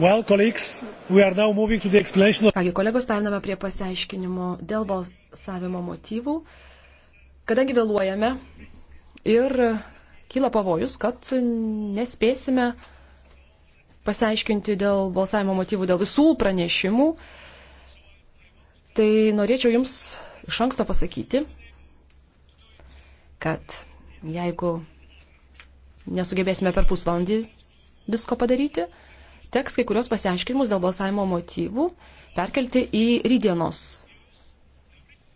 Well, colleagues, we are now moving to the explanation of... Kągi, kolegos, periname prie pasiaiškinimo dėl balsavimo motyvų, kadangi vėluojame ir kyla pavojus, kad nespėsime pasiaiškinti dėl balsavimo motyvų dėl visų pranešimų, tai norėčiau Jums iš anksto pasakyti, kad jeigu nesugebėsime per pusvalandį visko padaryti, teks kai kurios pasiaiškinimus dėl balsavimo motyvų perkelti į rydienos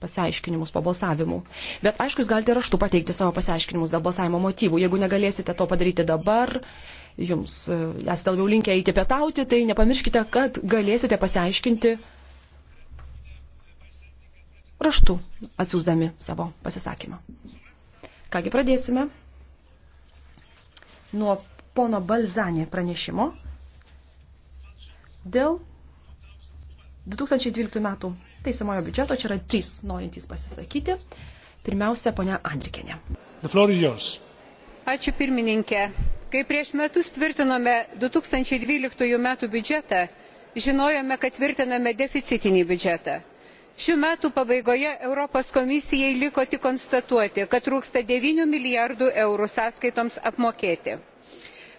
pasiaiškinimus po balsavimų. Bet aišku, jūs galite raštu pateikti savo pasiaiškinimus dėl balsavimo motyvų. Jeigu negalėsite to padaryti dabar, jums e, esate labiau linkę eiti pietauti, tai nepamirškite, kad galėsite pasiaiškinti raštu, atsiūsdami savo pasisakymą. Kągi pradėsime nuo pono Balzanė pranešimo. Dėl 2012 metų teisamojo biudžeto čia yra trys norintys pasisakyti. Pirmiausia, ponia Andrikinė. Ačiū pirmininkė. Kai prieš metus tvirtinome 2012 metų biudžetą, žinojome, kad tvirtiname deficitinį biudžetą. Šių metų pabaigoje Europos komisijai liko tik konstatuoti, kad trūksta 9 milijardų eurų sąskaitoms apmokėti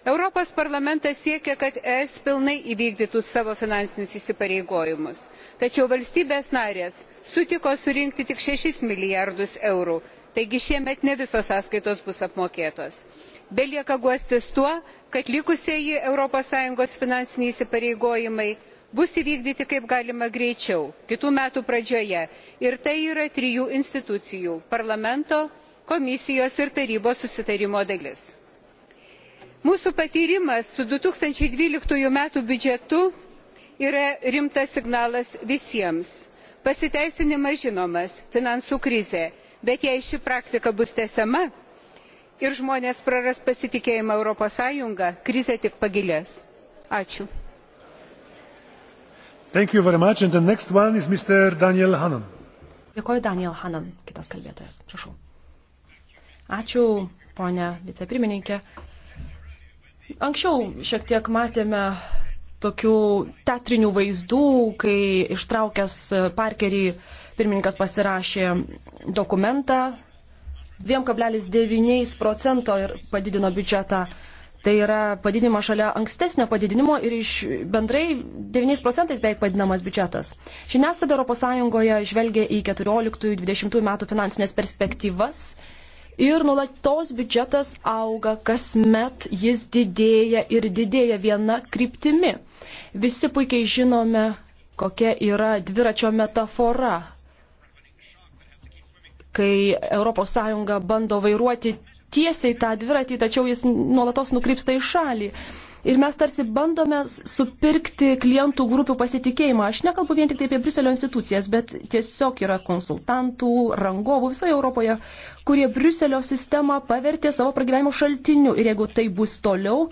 europos parlamentas siekia kad es pilnai įvykdytų savo finansinius įsipareigojimus tačiau valstybės narės sutiko surinkti tik šešis milijardus eurų taigi šiemet ne visos sąskaitos bus apmokėtos. belieka guostis tuo kad likusieji europos sąjungos finansiniai įsipareigojimai bus įvykdyti kaip galima greičiau kitų metų pradžioje ir tai yra trijų institucijų parlamento komisijos ir tarybos susitarimo dalis. Mūsų patyrimas su 2012 m. biudžetu yra rimtas signalas visiems. Pasiteisinimas žinomas - finansų krizė, bet jei ši praktika bus tesama ir žmonės praras pasitikėjimą Europos Sąjungą, krizė tik pagilės. Ačiū. Thank you very much. And the next one is Mr. Daniel Hanan. Dėkoju Daniel Hanan, kitas kalbėtojas. Prašau. Ačiū, ponia vicepirmininkė. Anksčiau šiek tiek matėme tokių teatrinių vaizdų, kai ištraukęs parkerį pirmininkas pasirašė dokumentą 2,9 procento ir padidino biudžetą. Tai yra padidinimas šalia ankstesnio padidinimo ir iš bendrai 9 procentais beveik padinamas biudžetas. Žiniasklaida ES žvelgia į 14-20 metų finansinės perspektyvas Ir nulatos biudžetas auga, kasmet jis didėja ir didėja viena kryptimi. Visi puikiai žinome, kokia yra dviračio metafora, kai ES bando vairuoti tiesiai tą dviratį, tačiau jis nuolatos nukrypsta į šalį. Ir mes tarsi bandome supirkti klientų grupių pasitikėjimą. Aš nekalbu vien tik tai apie Briuselio institucijas, bet tiesiog yra konsultantų, rangovų visoje Europoje, kurie Briuselio sistemą pavertė savo pragyvenimo šaltiniu. Ir jeigu tai bus toliau,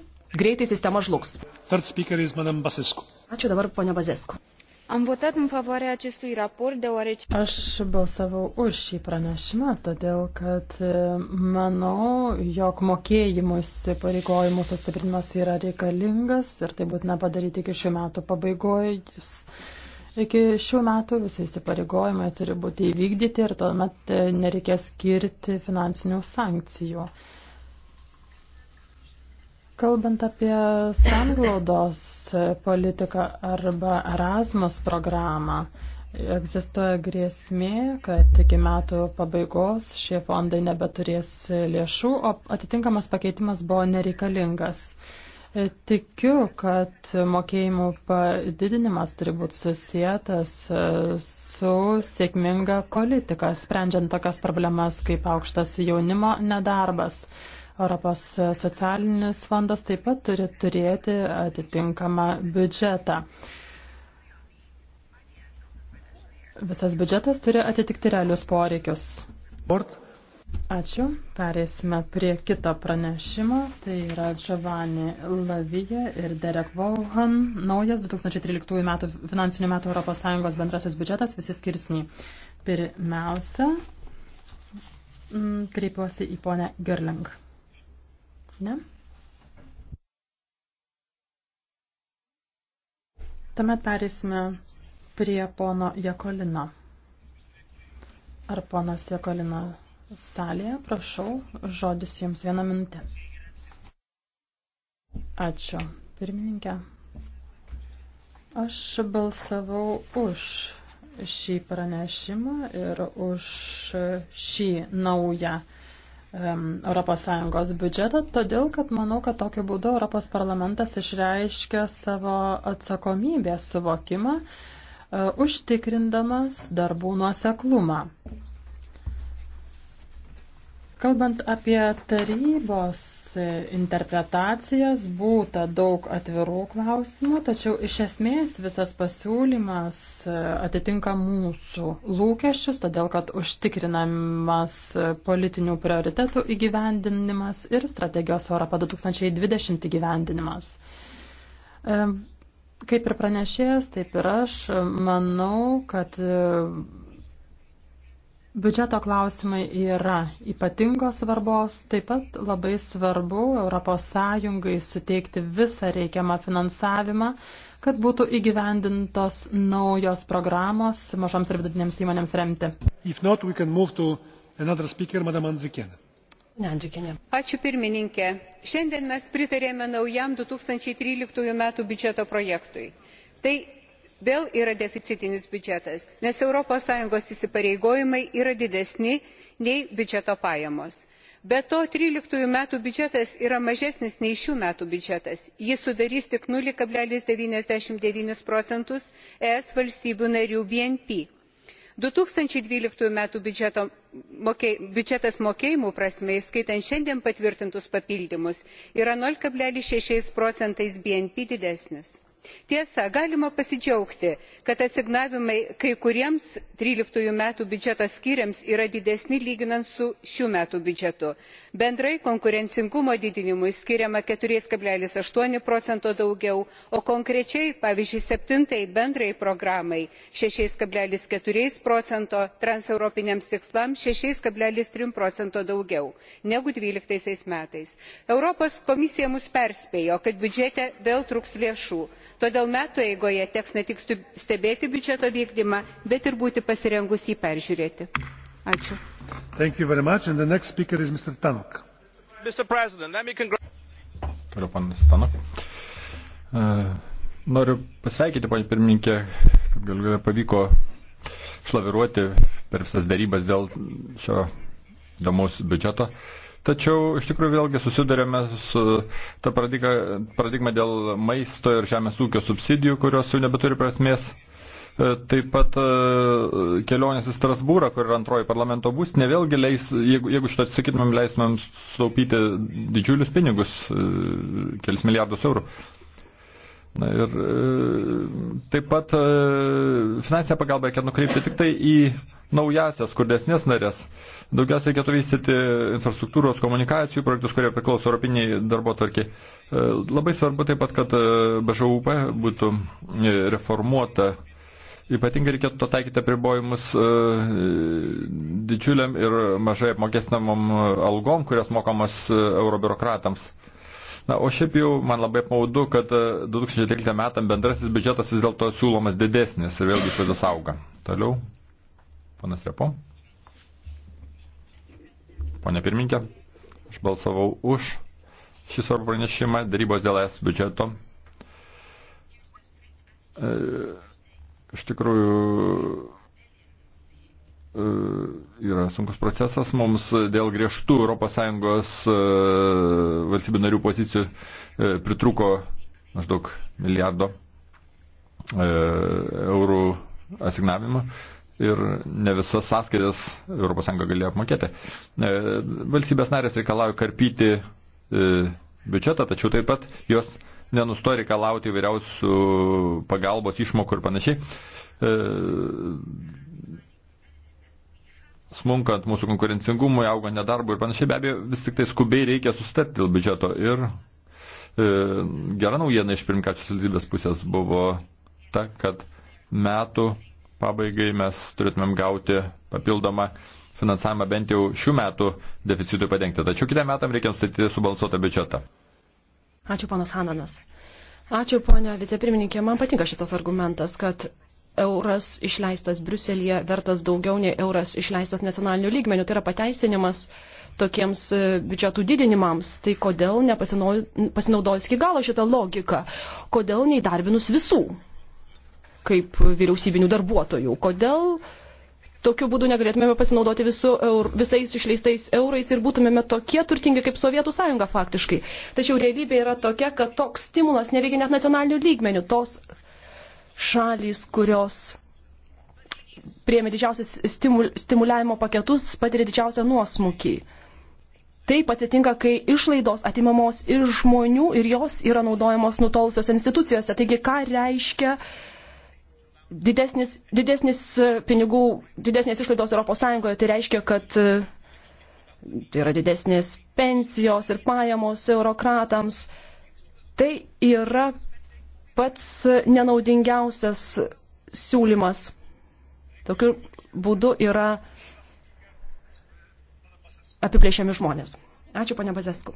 greitai sistema žlugs. Ačiū dabar, ponia Bazesku. Am votat în favoarea acestui raport deoarece... Aš balsavau už šį pranešimą, todėl kad e, manau, jog mokėjimų įsipareigojimų sustiprinimas yra reikalingas ir tai būtina padaryti iki šių metų pabaigojus. Iki šių metų visi įsipareigojimai turi būti įvykdyti ir tuomet e, nereikės skirti finansinių sankcijų. Kalbant apie sanglaudos politiką arba Erasmus programą, egzistuoja grėsmė, kad iki metų pabaigos šie fondai nebeturės lėšų, o atitinkamas pakeitimas buvo nereikalingas. Tikiu, kad mokėjimų padidinimas turi būti susijęs su sėkminga politika, sprendžiant tokias problemas kaip aukštas jaunimo nedarbas. Europos socialinis fondas taip pat turi turėti atitinkamą biudžetą. Visas biudžetas turi atitikti realius poreikius. Bort. Ačiū. Pereisime prie kito pranešimo. Tai yra Giovanni Lavija ir Derek Vaughan. Naujas 2013 metų finansinių metų ES bendrasis biudžetas visi skirsniai. Pirmiausia, kreipiuosi į ponę Gerling. Ne? Tuomet perėsime prie pono Jekolino. Ar ponas Jekolino salėje? Prašau, žodis jums vieną minutę. Ačiū, pirmininkė. Aš balsavau už šį pranešimą ir už šį naują ES biudžetą, todėl kad manau, kad tokiu būdu Europos parlamentas išreiškia savo atsakomybės suvokimą, e, užtikrindamas darbų nuoseklumą. Kalbant apie tarybos interpretacijas, būta daug atvirų klausimų, tačiau iš esmės visas pasiūlymas e, atitinka mūsų lūkesčius, todėl kad užtikrinamas politinių prioritetų įgyvendinimas ir strategijos Europa 2020 įgyvendinimas. E, kaip ir pranešėjas, taip ir aš manau, kad e, Biudžeto klausimai yra ypatingos svarbos, taip pat labai svarbu ES suteikti visą reikiamą finansavimą, kad būtų įgyvendintos naujos programos mažoms ir vidutinėms įmonėms remti. Not, speaker, Andrikinė. Ačiū pirmininkė. Šiandien mes pritarėme naujam 2013 m. biudžeto projektui. Tai vėl yra deficitinis biudžetas nes europos sąjungos įsipareigojimai yra didesni nei biudžeto pajamos. be to trylika ųjų metų biudžetas yra mažesnis nei šių metų biudžetas jis sudarys tik nulis devyniasdešimt devyni procento es valstybių narių bvp. du tūkstančiai dvylika ųjų metų biudžetas mokėjimų prasme įskaitant šiandien patvirtintus papildymus yra nulis šeši procento bvp didesnis tiesa galima pasidžiaugti kad asignavimai kai kuriems tryliktųjų metų biudžeto skyriams yra didesni lyginant su šių metų biudžetu bendrai konkurencingumo didinimui skiriama keturi aštuoni procento daugiau o konkrečiai pavyzdžiui septintajai bendrajai programai šešiais keturi procento transeuropiniams tikslams šešiais tris procento daugiau negu dvyliktaisiais metais. europos komisija mus perspėjo kad biudžete vėl trūks lėšų todėl metų eigoje teks ne tik stebėti biudžeto vykdymą bet ir būti pasirengus jį peržiūrėti. ačiū. Toliau panas Stanok. E, noriu pasveikyti, ponė pirmininkė, kad gal galia pavyko šlaviruoti per visas darybas dėl šio įdomaus biudžeto. Uh, Tačiau iš tikrųjų vėlgi susidurėme su ta paradigma dėl maisto ir žemės ūkio subsidijų, kurios jau nebeturi prasmės. E, taip pat e, kelionės į Strasbūrą, kur yra antroji parlamento būstinė, vėlgi leis, jeigu, jeigu šitą atsisakytumėm, leistumėm sutaupyti didžiulius pinigus, e, kelis milijardus eurų. Na ir taip pat finansinę pagalbą reikia nukreipti tik tai į naujasias, skurdesnės narės. Daugiausiai reikėtų vystyti infrastruktūros komunikacijų projektus, kurie priklauso Europiniai darbo tarkiai. E, labai svarbu taip pat, kad e, BŽUP būtų e, reformuota. Ypatingai reikėtų to taikyti apribojimus didžiuliam ir mažai apmokestinamam algom, kurios mokamos eurobiurokratams. Na, o šiaip jau man labai apmaudu, kad 2013 metam bendrasis biudžetas vis dėlto siūlomas didesnis ir vėlgi išlaidos auga. Toliau. Panas Repo. Pone pirminkė, aš balsavau už šį svarbų pranešimą darybos dėl es biudžeto. E, iš tikrųjų e, yra sunkus procesas mums dėl griežtų ES e, valstybių narių pozicijų e, pritruko maždaug milijardo e, eurų asignavimą. E, ir ne visas sąskaitas ES galėjo apmokėti. E, valstybės narės reikalauja karpyti e, biudžetą, tačiau taip pat jos nenustoja reikalauti įvairiausių pagalbos išmokų ir panašiai. E, smunkant mūsų konkurencingumui, augant nedarbui ir panašiai, be abejo, vis tik tai skubiai reikia sustarti dėl biudžeto. Ir gera naujiena iš pirmkačios valstybės pusės buvo ta, kad metų pabaigai mes turėtumėm gauti papildomą finansavimą bent jau šių metų deficitui padengti. Tačiau kitą metam reikia nustatyti subalansuotą biudžetą. Ačiū, ponas Hananas. Ačiū, ponia vicepirmininkė. Man patinka šitas argumentas, kad euras išleistas Briuselėje vertas daugiau nei euras išleistas nacionaliniu lygmeniu. Tai yra pateisinimas tokiems e, biudžetų didinimams. Tai kodėl nepasinaudojus iki galo šitą logiką? Kodėl neįdarbinus visų? kaip vyriausybinių darbuotojų. Kodėl tokiu būdu negalėtumėme pasinaudoti visu eur, visais išleistais eurais ir būtumėme tokie turtingi kaip Sovietų sąjunga faktiškai. Tačiau realybė yra tokia, kad toks stimulas neveikia net nacionalinių lygmenių. Tos šalys, kurios priemė didžiausias stimul, stimuliavimo paketus, patiria didžiausią nuosmukį. Taip atsitinka, kai išlaidos atimamos iš žmonių ir jos yra naudojamos nutolusios institucijose. Taigi, ką reiškia uh, didesnis, didesnis e, pinigų, didesnės išlaidos ES, tai reiškia, kad e, tai yra didesnės pensijos ir pajamos eurokratams. Tai yra pats nenaudingiausias siūlymas. Tokiu būdu yra apiplėšiami žmonės. Ačiū, ponia Bazesku.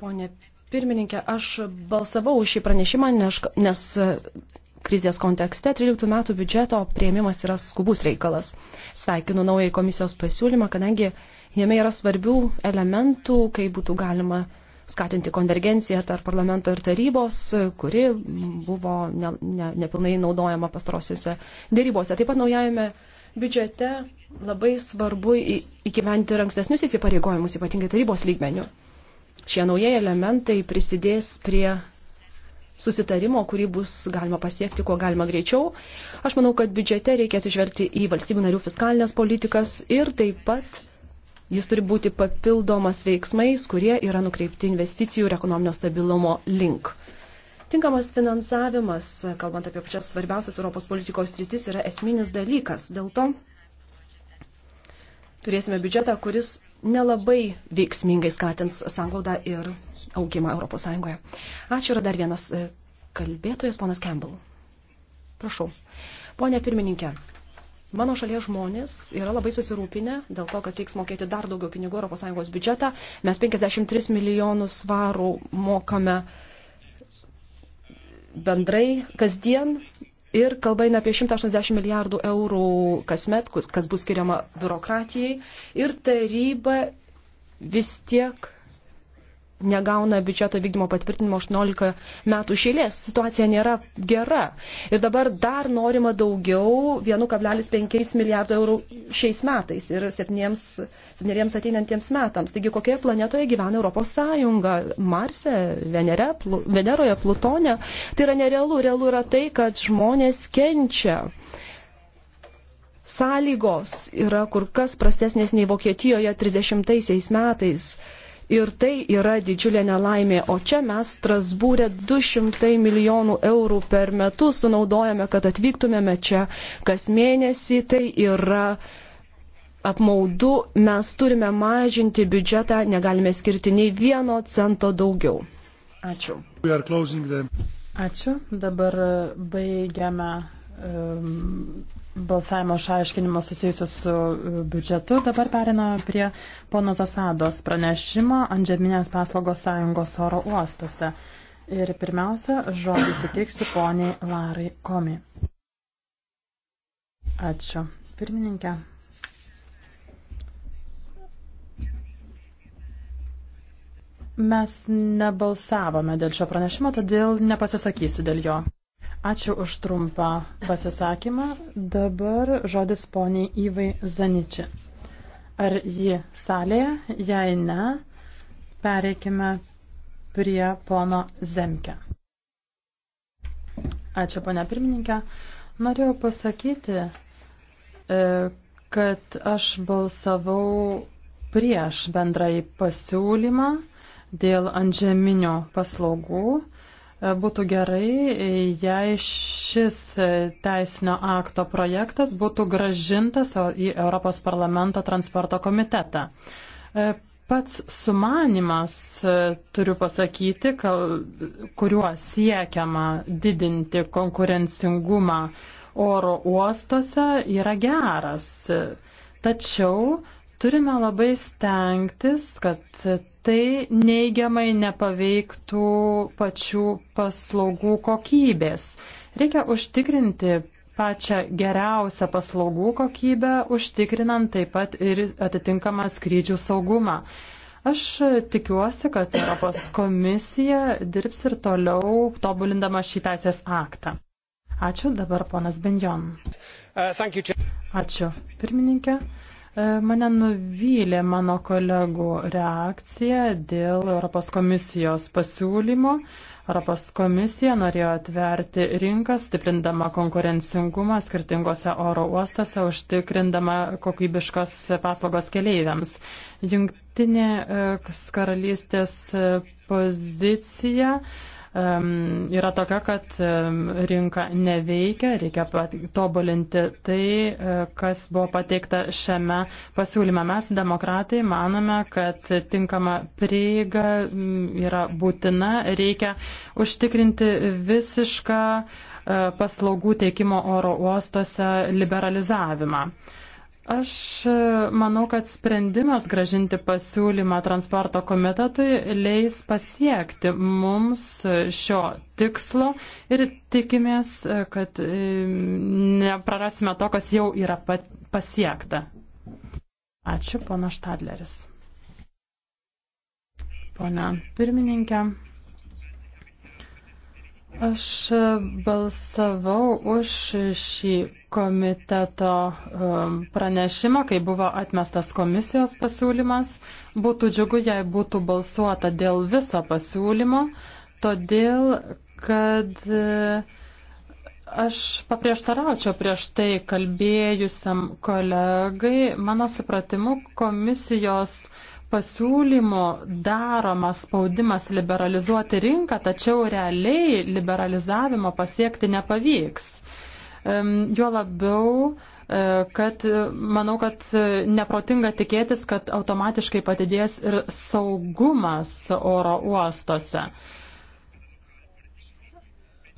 Pone Pirmininkė, aš balsavau už šį pranešimą, nes krizės kontekste 13 metų biudžeto prieimimas yra skubus reikalas. Sveikinu naują komisijos pasiūlymą, kadangi jame yra svarbių elementų, kai būtų galima skatinti konvergenciją tarp parlamento ir tarybos, kuri buvo ne, ne, nepilnai naudojama pastarosiuose dėrybose. Taip pat naujajame biudžete labai svarbu įgyventi ir ankstesnius įsipareigojimus, ypatingai tarybos lygmenių. Šie naujieji elementai prisidės prie susitarimo, kurį bus galima pasiekti, kuo galima greičiau. Aš manau, kad biudžete reikia atsižvelgti į valstybių narių fiskalinės politikas ir taip pat jis turi būti papildomas veiksmais, kurie yra nukreipti investicijų ir ekonominio stabilumo link. Tinkamas finansavimas, kalbant apie pačias svarbiausias Europos politikos rytis, yra esminis dalykas. Dėl to turėsime biudžetą, kuris nelabai veiksmingai skatins sanglaudą ir augimą ES. Ačiū, yra dar vienas e, kalbėtojas, ponas Campbell. Prašau. Pone pirmininkė, mano šalies žmonės yra labai susirūpinę dėl to, kad reiks mokėti dar daugiau pinigų ES biudžetą. Mes 53 milijonus svarų mokame bendrai kasdien Ir kalba eina apie 180 milijardų eurų kasmet, kas bus skiriama biurokratijai. Ir taryba vis tiek negauna biudžeto vykdymo patvirtinimo 18 metų šėlės. Situacija nėra gera. Ir dabar dar norima daugiau 1,5 milijardų eurų šiais metais ir 7 narėms ateinantiems metams. Taigi, kokioje planetoje gyvena Europos Sąjunga? Marse, Venere, Plu, Veneroje, Plutone. Tai yra nerealu. Realu yra tai, kad žmonės kenčia. Sąlygos yra kur kas prastesnės nei Vokietijoje 30 metais. Ir tai yra didžiulė nelaimė. O čia mes Strasbūrė 200 milijonų eurų per metus sunaudojame, kad atvyktumėme čia kas mėnesį. Tai yra uh, apmaudu, mes turime mažinti biudžetą, negalime skirti nei vieno cento daugiau. Ačiū. Ačiū. Dabar e, baigiame um, balsavimo šaiškinimo susijusios su e, biudžetu. Dabar periname prie pono Zasados pranešimo Antžeminės paslaugos sąjungos oro uostuose. Ir pirmiausia, žodį suteiksiu poniai Larai Komi. Ačiū. Pirmininkė. Mes nebalsavome dėl šio pranešimo, todėl nepasisakysiu dėl jo. Ačiū už trumpą pasisakymą. Dabar žodis poniai Įvai Zaniči. Ar ji salėje? Jei ne, pereikime prie pono Zemke. Ačiū, ponia pirmininkė. Norėjau pasakyti, e, kad aš balsavau prieš bendrąjį pasiūlymą dėl antžeminio paslaugų. E, būtų gerai, e, jei šis e, teisinio akto projektas būtų gražintas į Europos parlamento transporto komitetą. Pats sumanimas, turiu pasakyti, kuriuo siekiama didinti konkurencingumą oro uostuose, yra geras. Tačiau turime labai stengtis, kad tai neigiamai nepaveiktų pačių paslaugų kokybės. Reikia užtikrinti pačią geriausią paslaugų kokybę, užtikrinant taip pat ir atitinkamą skrydžių saugumą. Aš tikiuosi, kad Europos komisija dirbs ir toliau tobulindama šį teisės aktą. Ačiū dabar ponas Benjon. Uh, Ačiū pirmininkė. E, mane nuvylė mano kolegų reakcija dėl Europos komisijos pasiūlymo. Europos komisija norėjo atverti rinką, stiprindama konkurencingumą skirtingose oro uostose, užtikrindama kokybiškas paslaugas keleiviams. Jungtinė karalystės pozicija uh, yra tokia, kad rinka neveikia, reikia tobulinti tai, e, kas buvo pateikta šiame pasiūlyme. Mes, demokratai, manome, kad tinkama prieiga yra būtina, reikia užtikrinti visišką e, paslaugų teikimo oro uostose liberalizavimą. Aš e, manau, kad sprendimas gražinti pasiūlymą transporto komitetui leis pasiekti mums šio tikslo ir tikimės, e, kad e, neprarasime to, kas jau yra pasiekta. Ačiū, pono Štadleris. Pone pirmininkė. Aš e, balsavau už šį komiteto e, pranešimą, kai buvo atmestas komisijos pasiūlymas. Būtų džiugu, jei būtų balsuota dėl viso pasiūlymo, todėl kad e, aš paprieštaraučiau prieš tai kalbėjusiam kolegai. Mano supratimu, komisijos uh, pasiūlymų daromas spaudimas liberalizuoti rinką, tačiau realiai liberalizavimo pasiekti nepavyks. Juo labiau, e, kad manau, kad neprotinga tikėtis, kad automatiškai padidės ir saugumas oro uostose.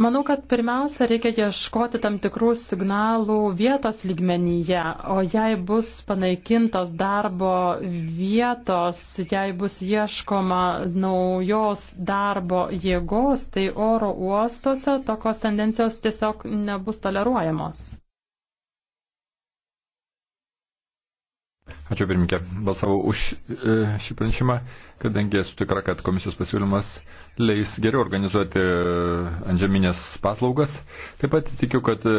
Manau, kad pirmiausia reikia ieškoti tam tikrų signalų vietos lygmenyje, o jei bus panaikintos darbo vietos, jei bus ieškoma naujos darbo jėgos, tai oro uostuose tokios tendencijos tiesiog nebus toleruojamos. Ačiū pirmininkė. Balsavau už e, šį pranešimą, kadangi esu tikra, kad komisijos pasiūlymas leis geriau organizuoti e, antžeminės paslaugas. Taip pat tikiu, kad e,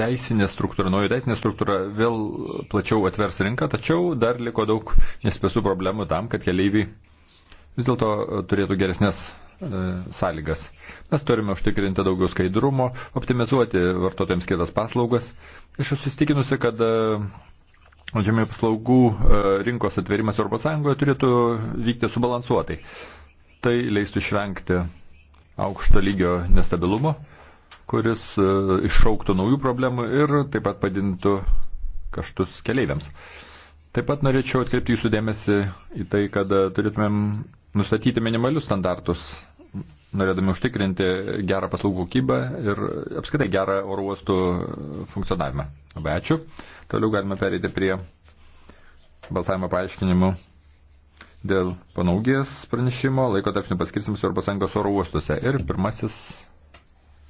teisinė struktūra, nauja teisinė struktūra vėl plačiau atvers rinką, tačiau dar liko daug nespėsų problemų tam, kad keleiviai vis dėlto turėtų geresnės sąlygas. Mes turime užtikrinti daugiau skaidrumo, optimizuoti vartotojams kitas paslaugas. Aš esu įstikinusi, kad žemė paslaugų e, rinkos atverimas ES turėtų vykti subalansuotai. Tai leistų išvengti aukšto lygio nestabilumo, kuris e, iššauktų naujų problemų ir taip pat padintų kaštus keleiviams. Taip pat norėčiau atkreipti jūsų dėmesį į tai, kad e, turėtumėm nustatyti minimalius standartus, norėdami užtikrinti gerą paslaugų kokybę ir apskaitai gerą oro uostų funkcionavimą. Labai ačiū. Toliau galime pereiti prie balsavimo paaiškinimų dėl panaugės pranešimo laiko tarpsnių paskirstimus Europos Sąjungos oro uostuose. Ir pirmasis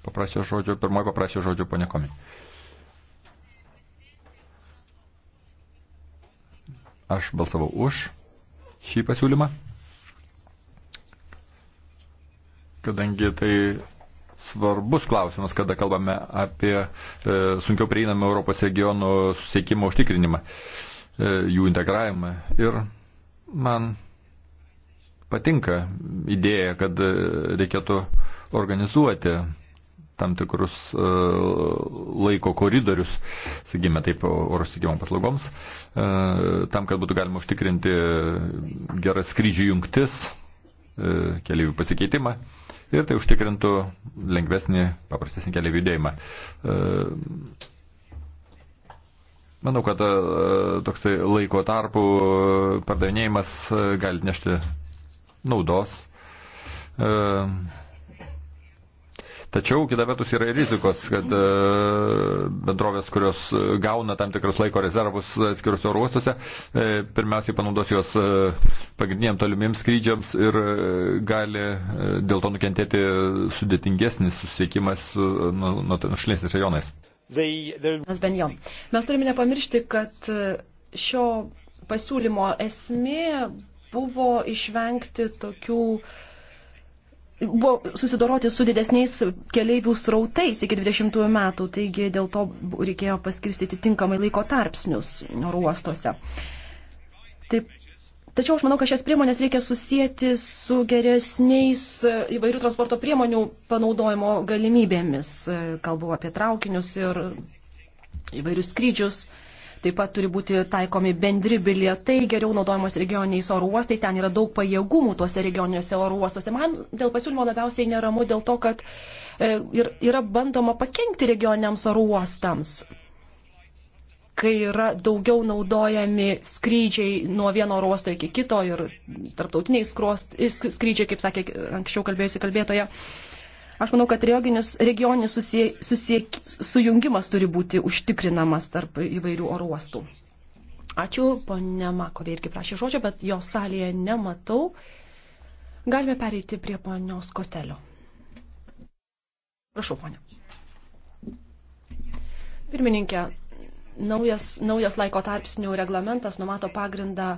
paprašė žodžio, pirmoji paprašė žodžio ponė Komi. Aš balsavau už šį pasiūlymą, kadangi tai svarbus klausimas, kada kalbame apie e, sunkiau prieinamą Europos regionų susiekimo užtikrinimą, e, jų integravimą. Ir man patinka idėja, kad e, reikėtų organizuoti tam tikrus e, laiko koridorius, sakykime taip, oro sėkimo paslaugoms, e, tam, kad būtų galima užtikrinti geras skrydžių jungtis, e, keliaivių pasikeitimą. E, ir tai užtikrintų lengvesnį, paprastesnį kelią judėjimą. E, manau, kad e, toksai laiko tarpų e, pardavinėjimas gali nešti naudos. Tačiau, kita vertus, yra rizikos, kad e, bendrovės, kurios gauna tam tikrus laiko rezervus skiriuose oro uostuose, e, pirmiausiai panaudos juos e, pagrindiniam tolimiems skrydžiams ir gali dėl to nukentėti sudėtingesnis susiekimas nušlėsnis nu, tai rajonais. Mes ben jo. Mes turime nepamiršti, kad šio pasiūlymo esmė buvo išvengti tokių uh, buvo susidoroti su didesniais keleivių srautais iki 20 metų, taigi dėl to reikėjo paskirstyti tinkamai laiko tarpsnius oro uostuose. Taip, tačiau aš manau, kad šias priemonės reikia susijęti su geresniais e, įvairių transporto priemonių panaudojimo galimybėmis. E, kalbu apie traukinius ir įvairius skrydžius. Taip pat turi būti taikomi bendri bilietai, geriau naudojamos regioniniais oro uostais, ten yra daug pajėgumų tuose regioniniuose oro uostuose. Man dėl pasiūlymo labiausiai neramu dėl to, kad e, ir, yra bandoma pakengti regioniniams oro uostams kai yra daugiau naudojami skrydžiai nuo vieno rosto iki kito ir tarptautiniai skrydžiai, kaip sakė anksčiau kalbėjusi kalbėtoja. Uh, Aš manau, kad regionis, regionis susie, susie, sujungimas turi būti užtikrinamas tarp įvairių oro uostų. Ačiū, ponia Makovė irgi prašė žodžio, bet jo salėje nematau. Galime pereiti prie ponios Kostelio. Prašau, ponia. Pirmininkė, naujas, naujas laiko tarpsnių reglamentas numato pagrindą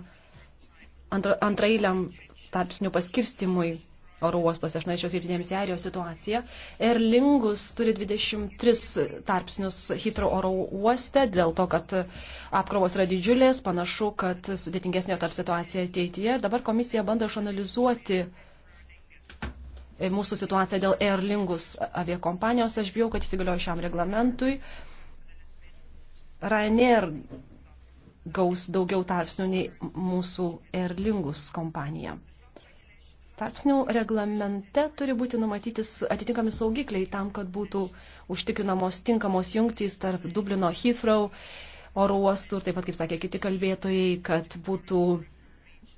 antrailiam tarpsnių paskirstimui oro uostose. Aš norėčiau atkreipti dėmesį į Airijos situaciją. Air Lingus turi 23 tarpsnius Hitro oro uoste dėl to, kad apkrovos yra didžiulės, panašu, kad sudėtingesnė tarp situacija ateityje. Dabar komisija bando išanalizuoti mūsų situaciją dėl Air Lingus aviekompanijos. Aš bijau, kad įsigalioju šiam reglamentui. Ryanair gaus daugiau tarpsnių nei mūsų Air Lingus kompanija tarpsnių reglamente turi būti numatyti atitinkami saugikliai tam, kad būtų užtikrinamos tinkamos jungtys tarp Dublino Heathrow oro uostų ir taip pat, kaip sakė kiti kalbėtojai, kad būtų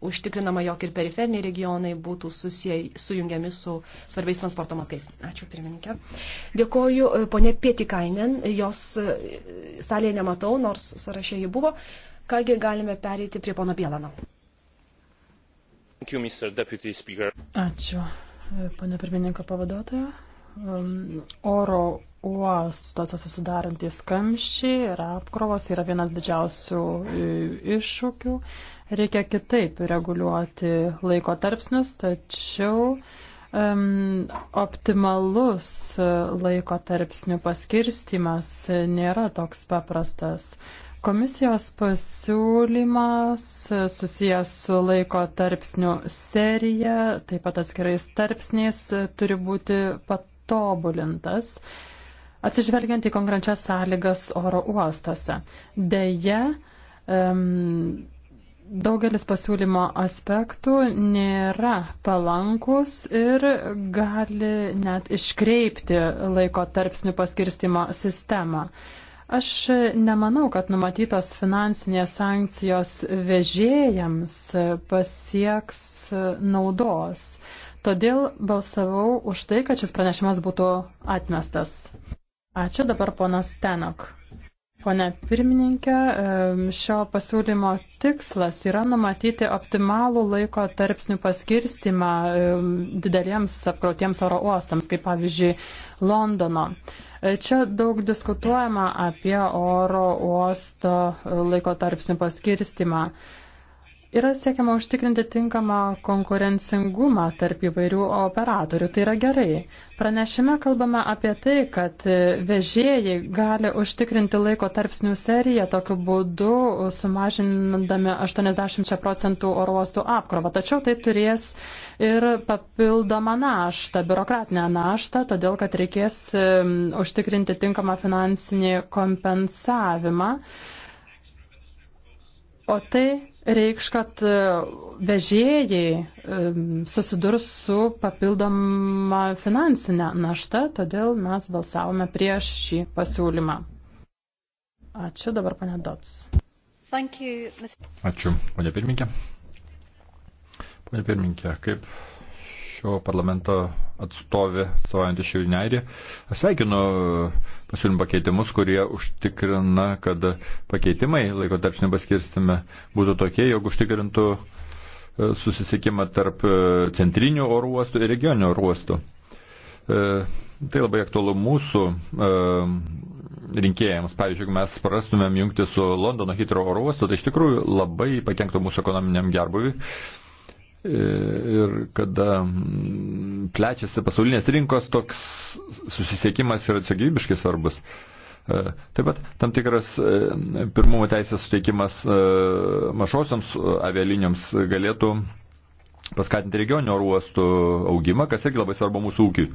užtikrinama, jog ir periferiniai regionai būtų susiej, sujungiami su svarbiais transporto mazgais. Ačiū, pirmininkė. Dėkoju, e, ponė Pietikainen, jos e, salėje nematau, nors sąraše ji buvo. Kągi galime pereiti prie pono Bielano. You, Ačiū, pane pirmininko pavaduotojo. Um, oro uostose susidarantys kamščiai ir apkrovos yra vienas didžiausių e, iššūkių. Reikia kitaip reguliuoti laiko tarpsnius, tačiau um, optimalus laiko tarpsnių paskirstimas nėra toks paprastas. Uh, Komisijos pasiūlymas e, susijęs su laiko tarpsnių serija, taip pat atskirais tarpsniais e, turi būti patobulintas, atsižvelgiant į konkrečias sąlygas oro uostose. Deja, um, daugelis pasiūlymo aspektų nėra palankus ir gali net iškreipti laiko tarpsnių paskirstimo sistemą. Uh, Aš nemanau, kad numatytos finansinės sankcijos vežėjams pasieks naudos. Todėl balsavau už tai, kad šis pranešimas būtų atmestas. Ačiū dabar ponas Tenok. Pone pirmininkė, šio pasiūlymo tikslas yra numatyti optimalų laiko tarpsnių paskirstimą dideliems apkrautiems oro uostams, kaip pavyzdžiui Londono. Čia daug diskutuojama apie oro uosto laiko tarpsnių paskirstimą. Yra siekiama užtikrinti tinkamą konkurencingumą tarp įvairių operatorių. Tai yra gerai. Pranešime kalbame apie tai, kad vežėjai gali užtikrinti laiko tarpsnių seriją tokiu būdu, sumažindami 80 procentų oro uostų apkrovą. Tačiau tai turės ir papildomą naštą, biurokratinę naštą, todėl kad reikės užtikrinti tinkamą finansinį kompensavimą. O tai reikš, kad e, vežėjai e, susidurs su papildoma finansinė našta, todėl mes balsavome prieš šį pasiūlymą. Ačiū dabar, pane Dots. Ačiū, ponė pirmininkė. Pane pirmininkė, kaip šio parlamento atstovė, atstovaujantį Šiaurinę Airiją, sveikinu uh, pasiūlymų pakeitimus, kurie užtikrina, kad pakeitimai laiko tarpsnių paskirstime būtų tokie, jog užtikrintų e, susisiekimą tarp e, centrinių oro uostų ir regioninių oro uostų. E, tai labai aktualu mūsų rinkėjams. Pavyzdžiui, jeigu mes prarastumėm jungti su Londono Hitro oro uostu, tai iš tikrųjų labai pakenktų mūsų ekonominiam gerbuviui ir kada plečiasi pasaulinės rinkos, toks susisiekimas yra čia gyvybiškai svarbus. E, taip pat tam tikras e, pirmumo teisės suteikimas e, mažosioms avialinijoms galėtų paskatinti regioninio oro uostų augimą, kas irgi labai svarbu mūsų ūkiui.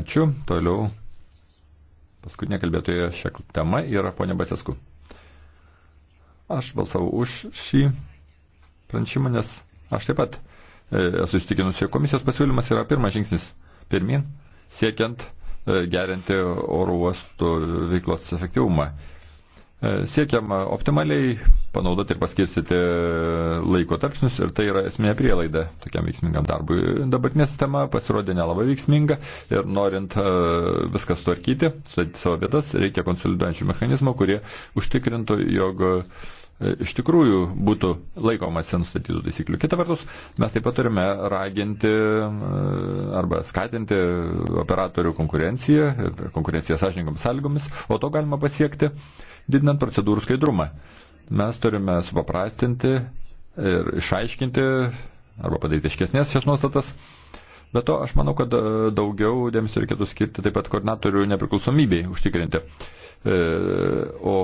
Ačiū. Toliau. Paskutinė kalbėtoja šią temą yra ponia Basesku. Aš balsavau už šį pranešimą, nes Aš taip pat e, esu įstikinusi, komisijos pasiūlymas yra pirmas žingsnis pirmin, siekiant e, gerinti oro uostų veiklos efektyvumą. E, siekiama optimaliai panaudoti ir paskirstyti laiko tarpsnius ir tai yra esminė prielaida tokiam veiksmingam darbui. Dabartinė sistema pasirodė nelabai veiksminga ir norint viską sutvarkyti, sudėti savo vietas, reikia konsoliduojančių mechanizmų, kurie užtikrintų, jog uh, E, iš tikrųjų būtų laikomas nustatytų taisyklių. Kita vertus, mes taip pat turime raginti e, arba skatinti operatorių konkurenciją ir konkurenciją sąžininkomis sąlygomis, o to galima pasiekti didinant procedūrų skaidrumą. Mes turime supaprastinti ir išaiškinti arba padaryti iškesnės šias nuostatas. Be to, aš manau, kad e, daugiau dėmesio reikėtų skirti taip pat koordinatorių nepriklausomybei užtikrinti. O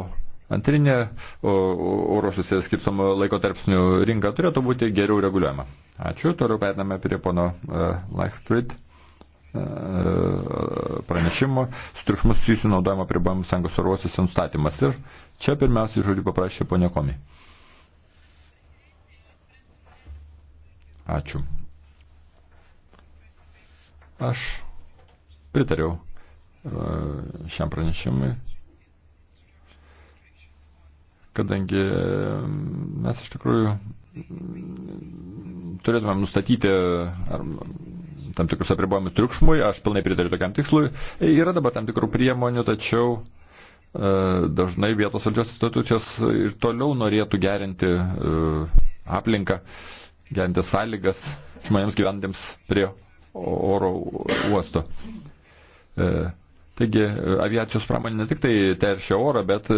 antrinė oro susijęs skirtumo laiko tarpsnių rinka turėtų būti geriau reguliuojama. Ačiū, toliau perėdame prie pono uh, Leichtfried uh, pranešimo sutriukšmus susijusių naudojimo pribojimų sąjungos oruosiuose nustatymas. Ir čia pirmiausiai žodžiu paprašė ponė Komi. Ačiū. Aš pritariau uh, šiam pranešimui kadangi mm, mes iš tikrųjų turėtumėm nustatyti ar, mm, tam tikrus apribojimus triukšmui, aš pilnai pritariu tokiam tikslui. Yra dabar tam tikrų priemonių, tačiau e, dažnai vietos valdžios institucijos ir toliau norėtų gerinti e, aplinką, gerinti sąlygas žmonėms gyventiems prie oro uosto. E, Taigi aviacijos pramonė ne tik tai teršia orą, bet e,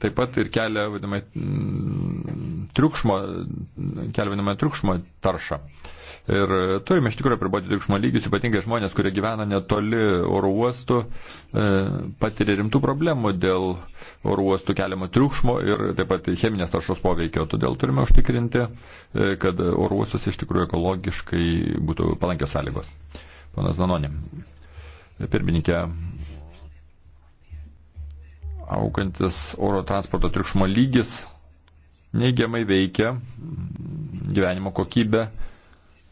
taip pat ir kelia, vadinamai, mm, triukšmo, kelia, vadinamai, triukšmo taršą. Ir e, turime iš tikrųjų apriboti triukšmo lygius, ypatingai žmonės, kurie gyvena netoli oro uostų, e, patiria rimtų problemų dėl oro uostų keliamo triukšmo ir taip pat cheminės taršos poveikio. Todėl turime užtikrinti, kad oro uostus iš tikrųjų ekologiškai būtų palankios sąlygos. Panas Zanonė. Pirmininkė, augantis oro transporto triukšmo lygis neigiamai veikia gyvenimo kokybę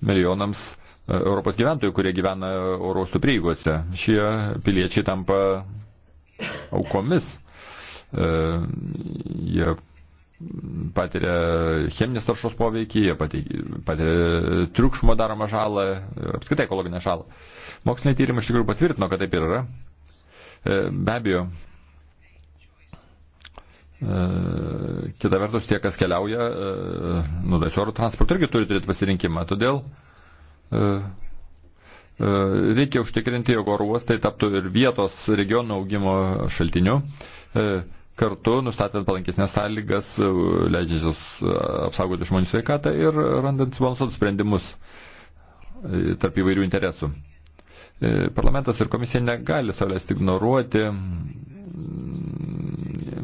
milijonams e, Europos gyventojų, kurie gyvena oro uostų prieigose. Šie piliečiai tampa aukomis. E, jie patiria cheminės taršos poveikį, jie patiria triukšmo daromą žalą ir e, apskritai ekologinę žalą. Moksliniai tyrimai iš tikrųjų patvirtino, kad taip ir yra. Be abejo, E, kita vertus, tie, kas keliauja, e, nuvežė oro transportą, irgi turi turėti pasirinkimą. Todėl e, reikia užtikrinti, jog oro uostai taptų ir vietos regionų augimo šaltiniu, kartu nustatant palankesnės sąlygas, leidžiančios apsaugoti žmonių sveikatą ir randant subalansuotus sprendimus tarp įvairių interesų parlamentas ir komisija negali savęs ignoruoti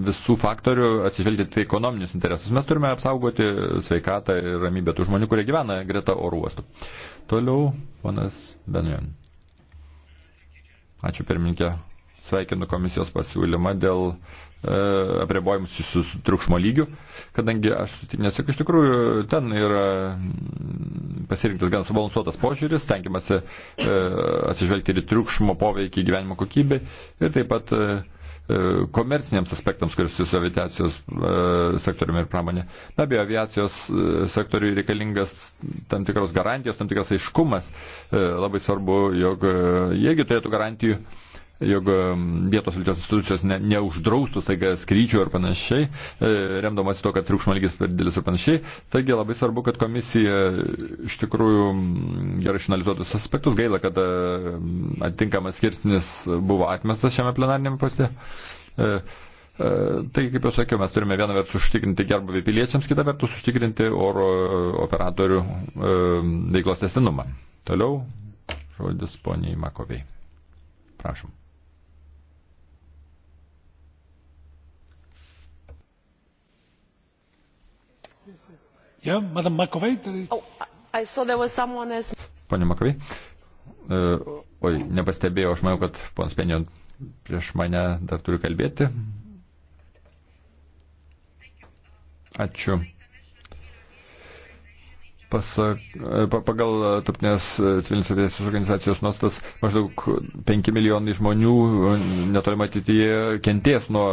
visų faktorių atsižvelgti tai ekonominius interesus. Mes turime apsaugoti sveikatą ir ramybę tų žmonių, kurie gyvena greta oro uostų. Toliau, panas Benjon. Ačiū pirmininkė. Sveikinu komisijos pasiūlymą dėl e, apribojimų su, su triukšmo lygiu, kadangi aš sutikinęs, jog iš tikrųjų ten yra pasirinktas gan subalansuotas požiūris, tenkimasi e, atsižvelgti ir triukšmo poveikį gyvenimo kokybei ir taip pat e, E, komerciniams aspektams, kuris su aviacijos e, sektoriumi ir pramonė. Be abejo, aviacijos e, sektoriui reikalingas tam tikros garantijos, tam tikras aiškumas. Labai svarbu, jog jiegi turėtų garantijų jog vietos valdžios institucijos ne, neuždraustų staiga skrydžių ar panašiai, e, remdamas to, kad triukšmo lygis per didelis ir panašiai. Taigi labai svarbu, kad komisija e, iš tikrųjų gerai išanalizuotų visus aspektus. Gaila, kad e, atitinkamas skirsnis buvo atmestas šiame plenarnėme posėdėje. Tai, kaip jau sakiau, mes turime vieną vertus užtikrinti gerbuvį piliečiams, kitą vertus užtikrinti oro operatorių veiklos testinumą. Toliau žodis poniai Makoviai. Prašom. Yeah, McAvey, there... oh, else... Pone Makovai, e, oi, nepastebėjau, aš manau, kad ponas Penion prieš mane dar turi kalbėti. Ačiū pasak, e, pagal e, tarptinės e, civilinės aviacijos organizacijos nuostas maždaug 5 milijonai žmonių netoli matytyje kenties nuo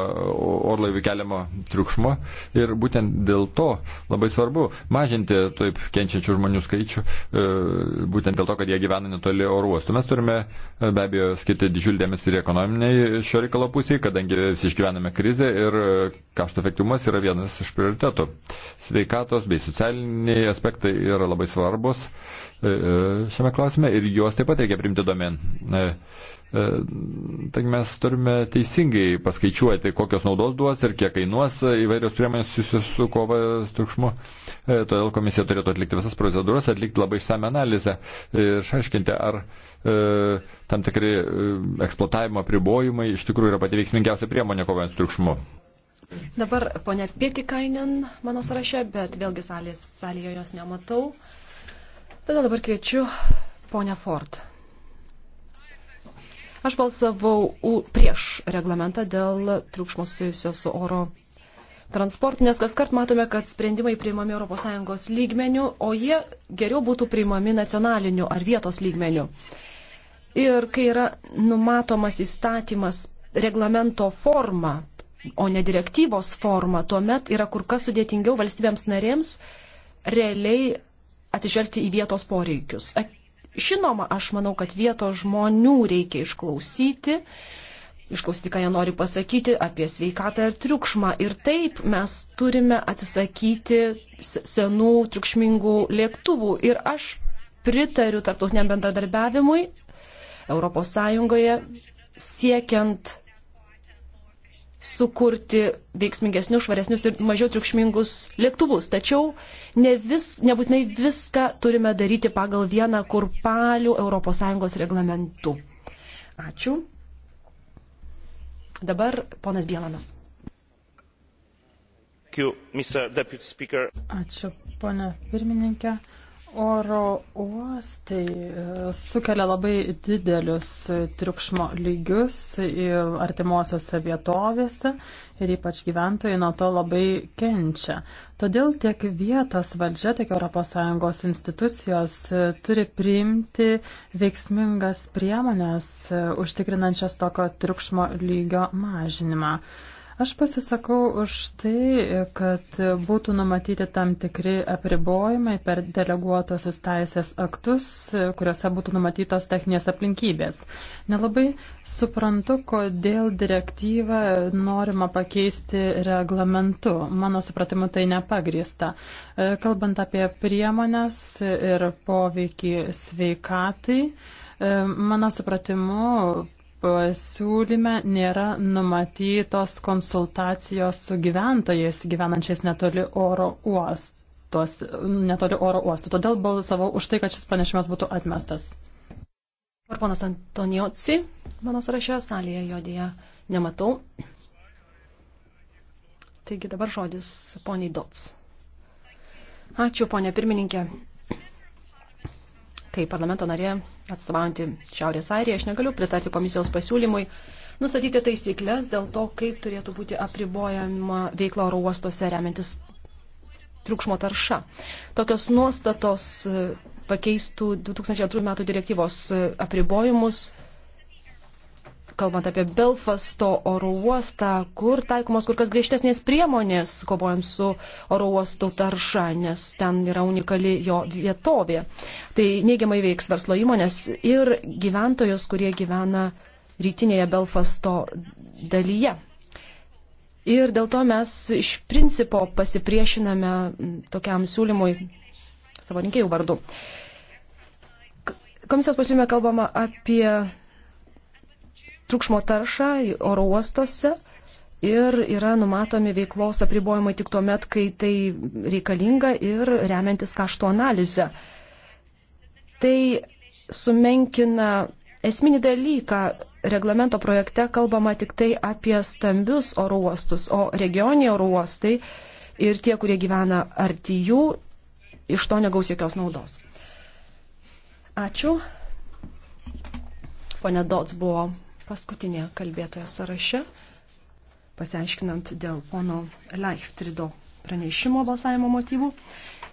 orlaivių keliamo triukšmo ir būtent dėl to labai svarbu mažinti taip kenčiančių žmonių skaičių, būtent dėl to, kad jie gyvena netoli oro uostų. Mes turime be abejo skirti didžiulį dėmesį ir ekonominiai šio reikalo pusiai, kadangi visi išgyvename krizę ir kašto efektyvumas yra vienas iš prioritetų. Sveikatos bei socialiniai aspektai yra labai svarbus e, e, šiame klausime ir juos taip pat reikia primti domen. Tai mes turime teisingai paskaičiuoti, kokios naudos duos ir kiek kainuos įvairios priemonės susijusios su kova triukšmu. Todėl komisija turėtų atlikti visas procedūras, atlikti labai išsame analizę ir išaiškinti, ar e, tam tikri eksploatavimo pribojimai iš tikrųjų yra pati veiksmingiausia priemonė kovojant su triukšmu. Dabar ponia Pietikainen mano sąraše, bet vėlgi salės, salėje jos nematau. Tada dabar kviečiu ponia Ford. Aš balsavau U prieš reglamentą dėl triukšmo susijusio su oro transportu, nes kas kart matome, kad sprendimai priimami ES lygmenių, o jie geriau būtų priimami nacionaliniu ar vietos lygmeniu. Ir kai yra numatomas įstatymas reglamento forma, o ne direktyvos forma, tuomet yra kur kas sudėtingiau valstybėms narėms realiai atsižvelgti į vietos poreikius. E, žinoma, aš manau, kad vietos žmonių reikia išklausyti, išklausyti, ką jie nori pasakyti apie sveikatą ir triukšmą. Ir taip mes turime atsisakyti senų triukšmingų lėktuvų. Ir aš pritariu tarptautiniam bendradarbiavimui Europos Sąjungoje siekiant sukurti veiksmingesnius, švaresnius ir mažiau triukšmingus lėktuvus. Tačiau ne vis, nebūtinai viską turime daryti pagal vieną kurpalių ES reglamentų. Ačiū. Dabar ponas Bielanas. Ačiū, ponė pirmininkė. Oro uostai e, sukelia labai didelius triukšmo lygius artimuosiuose vietovėse ir ypač gyventojai nuo to labai kenčia. Todėl tiek vietos valdžia, tiek ES institucijos e, turi priimti veiksmingas priemonės e, užtikrinančias tokio triukšmo lygio mažinimą. Aš pasisakau už tai, kad būtų numatyti tam tikri apribojimai per deleguotosius teisės aktus, kuriuose būtų numatytos techninės aplinkybės. Nelabai suprantu, kodėl direktyvą norima pakeisti reglamentu. Mano supratimu, tai nepagrįsta. E, kalbant apie priemonės ir poveikį sveikatai, e, mano supratimu, pasiūlyme nėra numatytos konsultacijos su gyventojais gyvenančiais netoli oro uostos, netoli oro uostų. Todėl balsavau už tai, kad šis pranešimas būtų atmestas. Ir ponas Antonioci, mano sąraše salėje jo dėja nematau. Taigi dabar žodis poniai Dots. Ačiū, ponė pirmininkė kaip parlamento narė atstovaujantį Šiaurės Airiją, aš negaliu pritarti komisijos pasiūlymui nustatyti taisyklės dėl to, kaip turėtų būti apribojama veikla oro uostuose remiantis triukšmo tarša. Tokios nuostatos pakeistų 2002 metų direktyvos apribojimus kalbant apie Belfasto oro uostą, kur taikomos kur kas griežtesnės priemonės, kovojant su oro uostų tarša, nes ten yra unikali jo vietovė. Tai neigiamai veiks verslo įmonės ir gyventojus, kurie gyvena rytinėje Belfasto dalyje. Ir dėl to mes iš principo pasipriešiname tokiam siūlymui savo rinkėjų vardu. Komisijos pasiūlyme kalbama apie triukšmo taršą oro uostose ir yra numatomi veiklos apribojimai tik tuo met, kai tai reikalinga ir remiantis kaštų analizę. Tai sumenkina esminį dalyką. Reglamento projekte kalbama tik tai apie stambius oro uostus, o regioniai oro uostai ir tie, kurie gyvena arti jų, iš to negaus jokios naudos. Ačiū. Pone Dots buvo paskutinė kalbėtoja sąraše, pasiaiškinant dėl pono Leichtrido pranešimo balsavimo motyvų.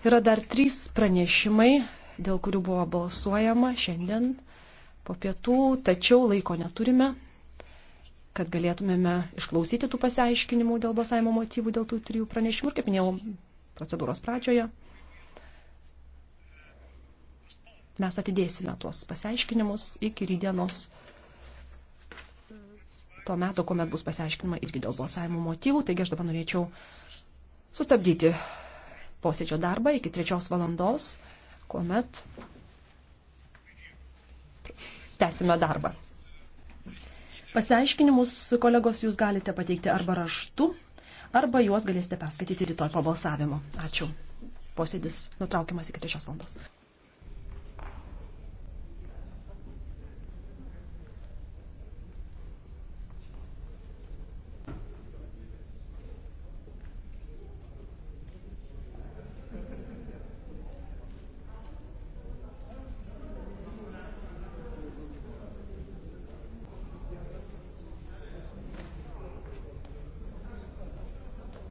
Yra dar trys pranešimai, dėl kurių buvo balsuojama šiandien po pietų, tačiau laiko neturime, kad galėtumėme išklausyti tų pasiaiškinimų dėl balsavimo motyvų, dėl tų trijų pranešimų ir, kaip minėjau, procedūros pradžioje. Mes atidėsime tuos pasiaiškinimus iki rydienos to meto, kuomet bus pasiaiškinama irgi dėl balsavimo motyvų. Taigi aš dabar norėčiau sustabdyti posėdžio darbą iki trečios valandos, kuomet tęsime darbą. Pasiaiškinimus, kolegos, jūs galite pateikti arba raštu, arba juos galėsite perskaityti rytoj po balsavimo. Ačiū. Posėdis nutraukiamas iki trečios valandos.